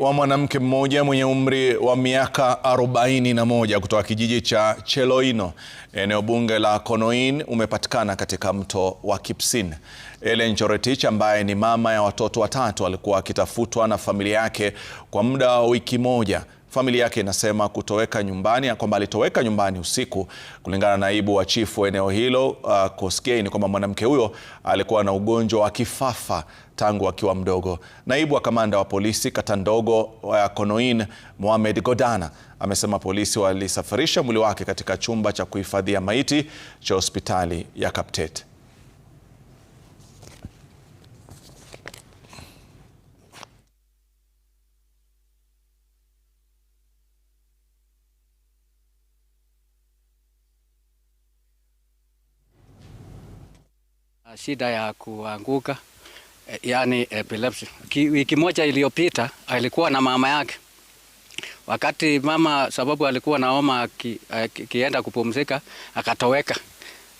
wa mwanamke mmoja mwenye umri wa miaka 41 kutoka kijiji cha Cheloino eneo bunge la Konoin umepatikana katika mto wa Kipsin. Ellen Choretich ambaye ni mama ya watoto watatu alikuwa akitafutwa na familia yake kwa muda wa wiki moja Familia yake inasema kutoweka nyumbani, kwamba alitoweka nyumbani usiku. Kulingana na naibu wa chifu wa eneo hilo uh, Koskei, ni kwamba mwanamke huyo alikuwa na ugonjwa wa kifafa tangu akiwa mdogo. Naibu wa kamanda wa polisi kata ndogo ya Konoin, Mohamed Godana, amesema polisi walisafirisha mwili wake katika chumba cha kuhifadhia maiti cha hospitali ya Kaptete. shida ya kuanguka, eh, yani epilepsy. Wiki moja iliyopita alikuwa na mama yake, wakati mama sababu alikuwa na homa akienda ki, eh, kupumzika akatoweka.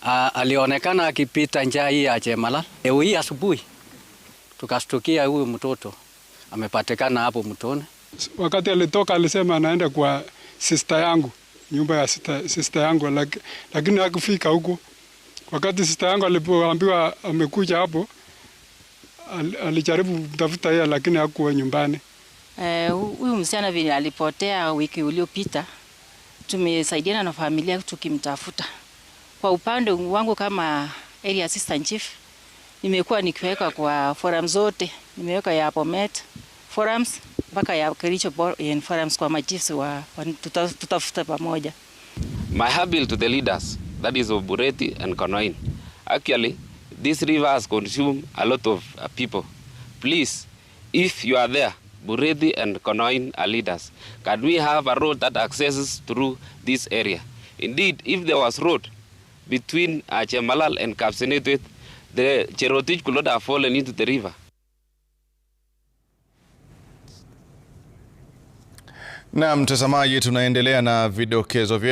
A, alionekana akipita njia hii ya Chemala. E, hii asubuhi tukastukia huyu mtoto amepatikana hapo mtoni. Wakati alitoka alisema anaenda kwa sista yangu, nyumba ya sista, sista yangu, lakini hakufika huko Wakati sista yangu alipoambiwa amekuja hapo, al, alijaribu kutafuta yeye lakini hakuwa nyumbani. Eh, huyu eh, msichana vile alipotea wiki uliopita, tumesaidiana na familia tukimtafuta. Kwa upande wangu kama area assistant chief, nimekuwa nikiweka kwa forum zote, nimeweka ya Bomet forums mpaka ya Kericho forums kwa machiefs wa, wa tutafuta pamoja. My appeal to the leaders that is of Bureti and Kanoin. Actually, this river has consumed a lot of uh, people. Please, if you are there, Bureti and Kanoin are leaders. Can we have a road that accesses through this area? Indeed, if there was road between uh, Chemalal and Kapsenetwet, the Cherotich could not have fallen into the river. Na mtazamaji, tunaendelea na vidokezo vyetu.